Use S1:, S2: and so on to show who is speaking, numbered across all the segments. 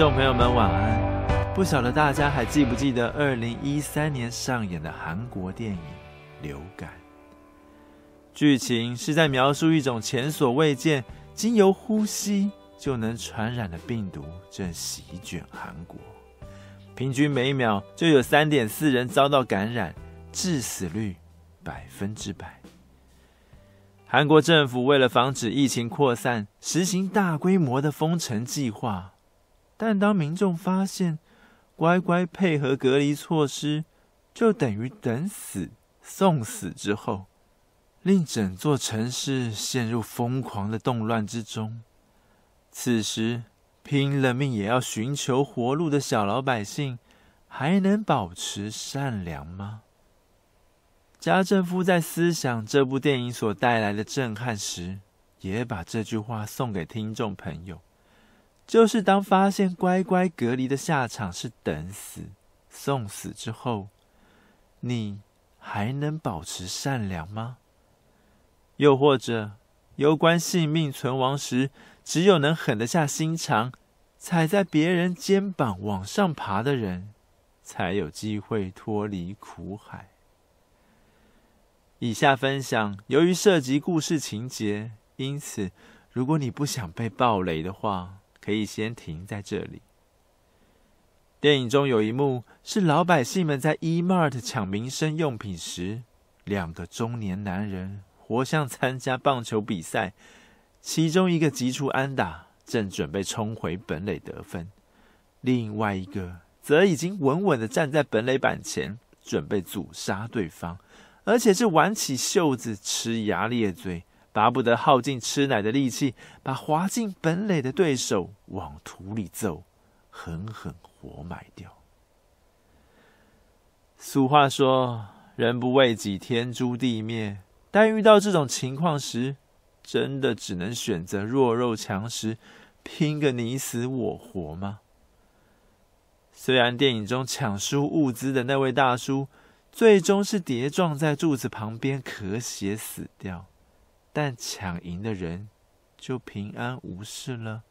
S1: 聽眾朋友們，晚安！不曉得大家還記不記得二零一三年上演的韓國電影《流感》？劇情是在描述一種前所未見、經由呼吸就能傳染的病毒正席捲韓國，平均每秒就有三點四人遭到感染，致死率百分之百。韓國政府為了防止疫情擴散，實行大規模的封城計劃。但當民眾發現乖乖配合隔離措施就等於等死、送死之後，令整座城市陷入瘋狂的動亂之中。此時，拼了命也要尋求活路的小老百姓還能保持善良嗎？家政夫在思想這部電影所帶來的震撼時，也把這句話送給聽眾朋友。就是當發現乖乖隔離的下場是等死、送死之後，你還能保持善良嗎？又或者，攸關性命存亡時，只有能狠得下心腸，踩在別人肩膀往上爬的人，才有機會脫離苦海。以下分享，由於涉及故事情節，因此如果你不想被爆雷的話。可以先停在這裡。電影中有一幕是老百姓們在 E Mart 搶民生用品時，兩個中年男人活像參加棒球比賽，其中一個擊出安打，正準備衝回本壘得分；另外一個則已經穩穩地站在本壘板前，準備阻殺對方，而且是挽起袖子，呲牙咧嘴。巴不得耗盡吃奶的力氣，把滑進本壘的對手往土裡揍，狠狠活埋掉。俗話說：“人不為己，天誅地滅。”但遇到這種情況時，真的只能選擇弱肉強食，拼個你死我活嗎？雖然電影中搶輸物資的那位大叔，最終是跌撞在柱子旁邊，咳血死掉。但搶贏的人就平安無事了？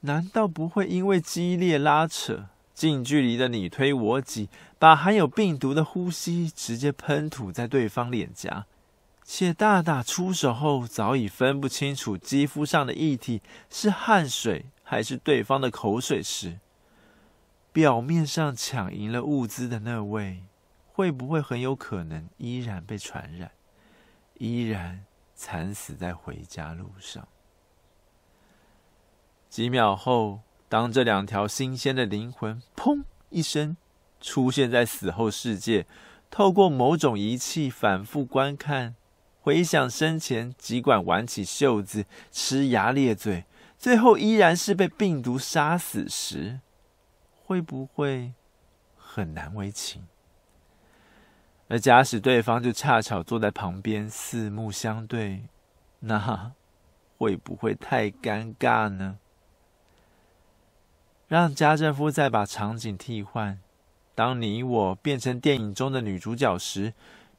S1: 難道不會因為激烈拉扯、近距離的你推我擠，把含有病毒的呼吸直接噴吐在對方臉頰，且大打出手後早已分不清楚肌膚上的液體是汗水還是對方的口水時，表面上搶贏了物資的那位，會不會很有可能依然被傳染？依然……慘死在回家路上。幾秒後，當這兩條新鮮的靈魂“砰”一聲出現在死後世界，透過某種儀器反復觀看、回想生前，儘管挽起袖子、呲牙咧嘴，最後依然是被病毒殺死時，會不會很難為情？而假使對方就恰巧坐在旁邊，四目相對，那會不會太尷尬呢？讓家政夫再把場景替換。當你我變成電影中的女主角時，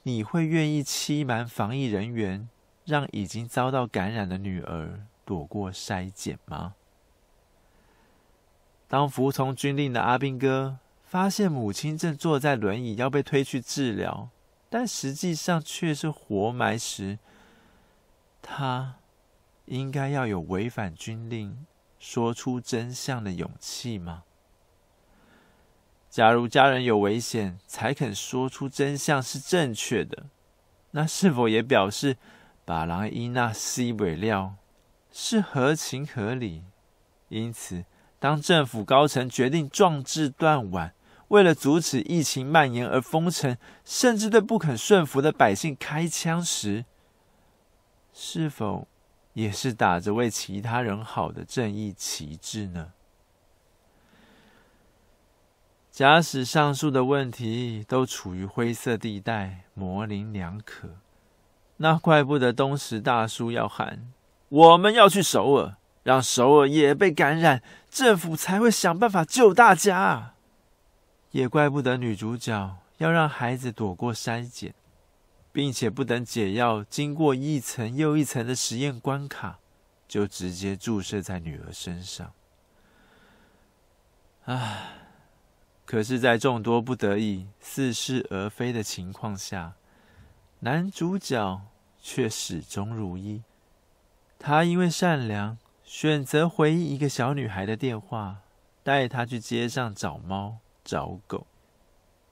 S1: 你會願意欺瞞防疫人員，讓已經遭到感染的女兒躲過篩檢嗎？當服從軍令的阿兵哥。發現母親正坐在輪椅，要被推去治療，但實際上卻是活埋時，他應該要有違反軍令說出真相的勇氣嗎？假如家人有危險才肯說出真相是正確的，那是否也表示把萊伊娜吸尾料是合情合理？因此。當政府高層決定壯士斷腕，為了阻止疫情蔓延而封城，甚至對不肯順服的百姓開槍時，是否也是打着為其他人好的正義旗幟呢？假使上述的問題都處於灰色地帶、模棱兩可，那怪不得東石大叔要喊：“我們要去首爾，讓首爾也被感染。”政府才會想辦法救大家，也怪不得女主角要讓孩子躲過篩檢，並且不等解藥經過一層又一層的實驗關卡，就直接注射在女兒身上。唉，可是，在眾多不得已、似是而非的情況下，男主角却始終如一。他因為善良。選擇回應一個小女孩的電話，帶她去街上找貓找狗，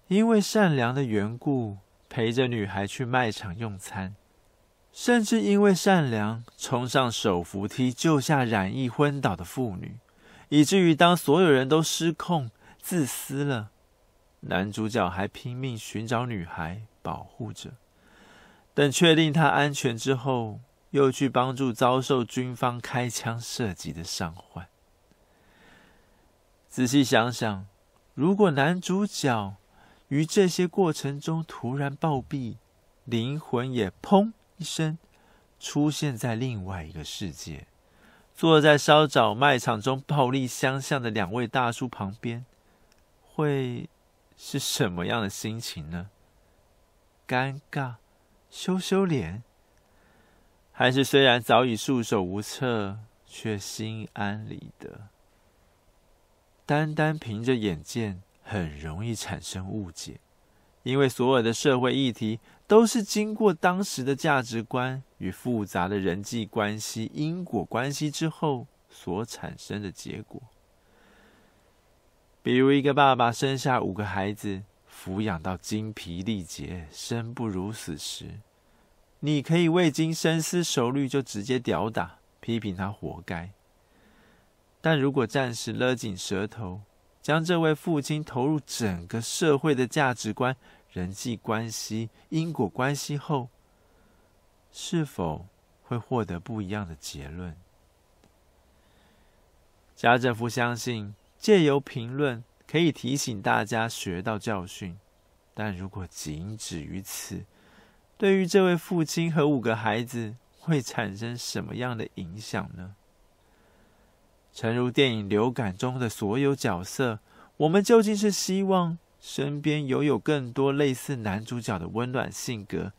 S1: 因為善良的緣故，陪着女孩去賣場用餐，甚至因為善良衝上手扶梯救下染疫昏倒的婦女，以至於當所有人都失控自私了，男主角還拼命尋找女孩保護着，等確定她安全之後。又去幫助遭受軍方開槍射擊的傷患。仔細想想，如果男主角於這些過程中突然暴斃，靈魂也“砰”一聲出現在另外一個世界，坐在稍早賣場中暴力相向的兩位大叔旁邊，會是什麼樣的心情呢？尷尬，羞羞臉。還是雖然早已束手無策，卻心安理得。單單憑着眼見，很容易產生誤解，因為所有的社會議題都是經過當時的價值觀與複雜的人際關係、因果關係之後所產生的結果。比如，一個爸爸生下五個孩子，撫養到精疲力竭、生不如死時。你可以未經深思熟慮就直接屌打批評他活該，但如果暫時勒緊舌頭，將這位父親投入整個社會的價值觀、人際關係、因果關係後，是否會獲得不一樣的結論？加這夫相信，借由評論可以提醒大家學到教訓，但如果僅止於此。對於這位父親和五個孩子會產生什麼樣的影響呢？誠如電影《流感》中的所有角色，我們究竟是希望身邊擁有有更多類似男主角的溫暖性格，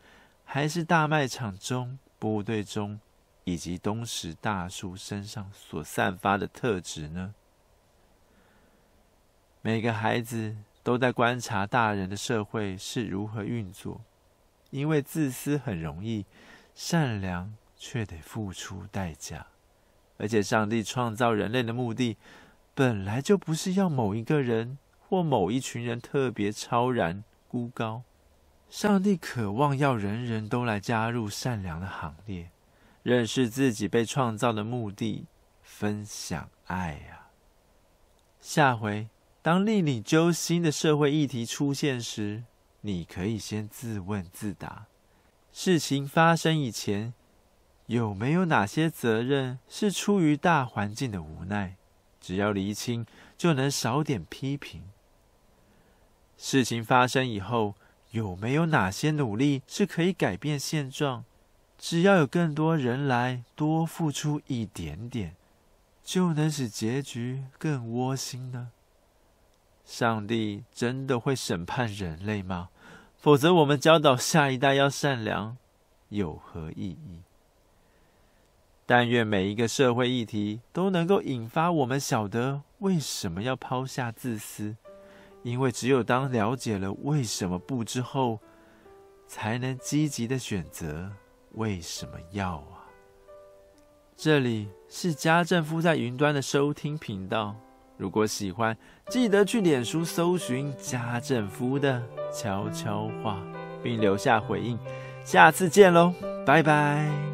S1: 還是大賣場中、部隊中以及東石大叔身上所散發的特質呢？每個孩子都在觀察大人的社會是如何運作。因為自私很容易，善良卻得付出代價。而且，上帝創造人類的目的，本來就不是要某一個人或某一群人特別超然、孤高。上帝渴望要人人都來加入善良的行列，認識自己被創造的目的，分享愛啊！下回，當令你揪心的社會議題出現時，你可以先自問自答：事情發生以前，有沒有哪些責任是出於大環境的無奈？只要釐清，就能少點批評。事情發生以後，有沒有哪些努力是可以改變現狀？只要有更多人來多付出一點點，就能使結局更窩心呢？上帝真的會審判人類嗎？否則，我們教導下一代要善良，有何意義？但願每一個社會議題都能夠引發我們曉得為什麼要拋下自私，因為只有當了解了為什麼不之後，才能積極的選擇為什麼要啊！這裡是家政夫在雲端的收聽頻道。如果喜歡，記得去臉書搜尋家政夫的悄悄話，並留下回應。下次見嘍，拜拜。